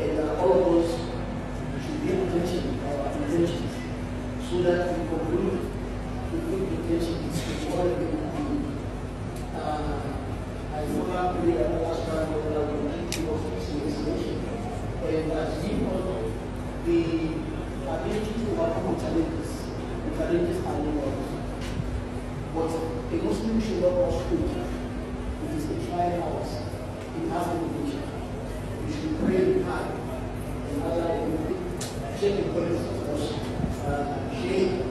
and uh, all of those should be intention our uh, intentions so that we conclude the good intention is to all we uh, I forgot to we have stand of the community of civilization and uh, as we know the ability to overcome challenges the challenges are numerous but a Muslim should not pursue it is a trial house Second, for instance, she